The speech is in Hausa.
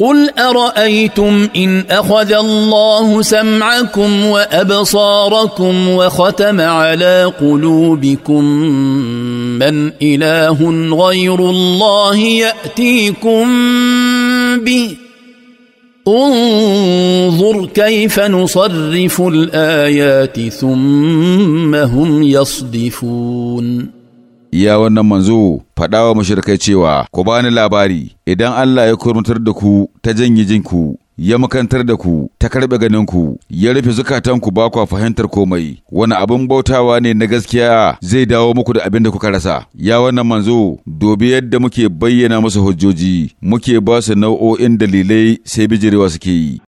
قل ارايتم ان اخذ الله سمعكم وابصاركم وختم على قلوبكم من اله غير الله ياتيكم به انظر كيف نصرف الايات ثم هم يصدفون Ya wannan manzo, faɗawa wa mashirkai cewa, Ku bani labari, idan Allah ya kurmutar da ku ta janye jinku, ya makantar da ku, ta karɓe ganinku, ya rufe zukatanku ba kwa fahimtar komai, wani abin bautawa ne na gaskiya zai dawo muku da abin da kuka rasa. Ya wannan manzo, dobi yadda muke bayyana musu hujjoji, muke ba su nau'o'in dalilai sai bijirewa suke yi.